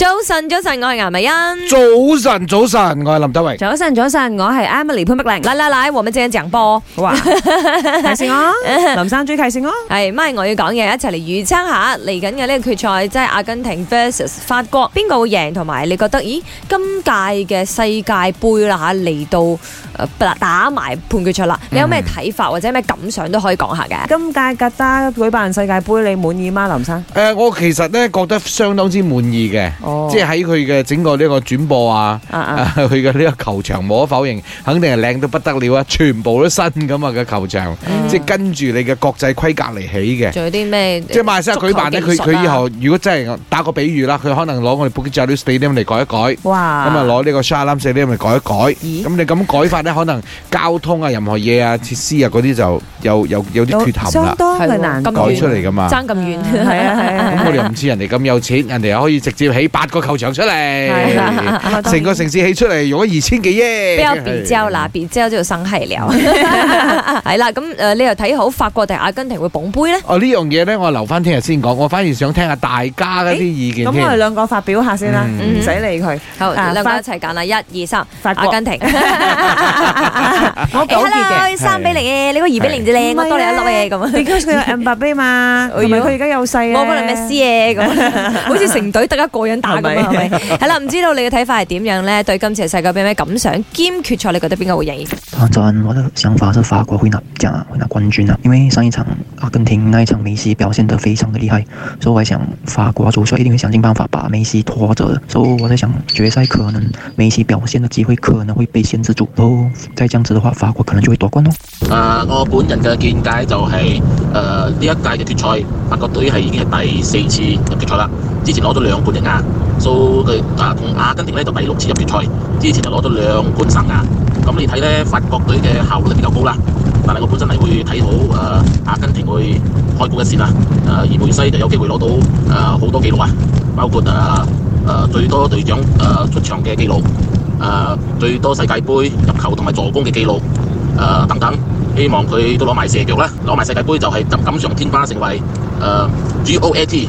早晨，早晨，我係顏美欣。早晨，早晨，我係林德偉。早晨，早晨，我係 Emily 潘碧玲。嚟嚟嚟，黃偉正在、鄭波，好啊，提醒我，林生最提醒我，係，咪我要講嘢，一齊嚟預測下嚟緊嘅呢個決賽，即係阿根廷 versus 法國，邊個會贏？同埋你覺得，咦，今屆嘅世界杯啦吓嚟到、呃、打埋半決賽啦，你有咩睇法或者咩感想都可以講下嘅、嗯。今屆格打舉辦世界杯，你滿意嗎，林生？誒、呃，我其實咧覺得相當之滿意嘅。即係喺佢嘅整個呢個轉播啊，佢嘅呢個球場冇，可否認，肯定係靚到不得了啊！全部都新咁啊，個球場，即係跟住你嘅國際規格嚟，起嘅。仲有啲咩？即係馬來西亞舉辦咧，佢佢以後如果真係打個比喻啦，佢可能攞我哋 Bukit Jalil Stadium 嚟改一改，咁啊攞呢個 Shah Alam Stadium 改一改，咁你咁改法咧，可能交通啊、任何嘢啊、設施啊嗰啲就又又有啲缺陷啦，係難改出嚟噶嘛？爭咁遠係啊！咁我哋又唔似人哋咁有錢，人哋又可以直接起百。八個球場出嚟，成個城市起出嚟，用咗二千幾億。Bjol 啦，Bjol 就生氣 了，係啦。咁誒，你又睇好法國定阿根廷會捧杯咧？哦，呢樣嘢咧，我留翻聽日先講。我反而想聽下大家嗰啲意見。咁、欸、我哋兩個發表一下先啦，唔、嗯、使理佢。好、啊，兩個一齊揀啦，一、二、三，法國、阿根廷。我講完嘅，三比零，你個二比零就靚，我、啊、多你一粒嘢，咁你而家佢係 MBB 嘛？佢 而 家有細我嗰輪咩 C 嘅咁，好似成隊得一個人。係啦，唔 知道你嘅睇法係點樣咧？對今次嘅世界杯咩感想？兼決賽你覺得邊個會贏？阿俊，我嘅想法是法國會拿獎，啊，會拿冠軍啊！因為上一場阿根廷那一場，梅西表現得非常的厲害，所以我想法國主帥一定會想盡辦法把梅西拖着。所以我在想決賽可能梅西表現的機會可能會被限制住。哦，再這樣子的話，法國可能就會奪冠咯。啊、uh，我本人嘅見解就係、是，誒，呢一屆嘅決賽，法國隊係已經係第四次入決賽啦。之前攞咗兩冠嘅亞，所以啊，同阿根廷咧就第六次入決賽。之前就攞到兩冠三亞。咁你睇咧，法國隊嘅效率比較高啦。但係我本身係會睇好啊，阿根廷會開局一線啊。啊，而梅西就有機會攞到啊好多紀錄啊，包括啊啊最多隊長啊出場嘅紀錄，啊最多世界盃入球同埋助攻嘅紀錄，啊等等。希望佢都攞埋射腳啦，攞埋世界盃就係就錦上添花，成為啊 G O A T。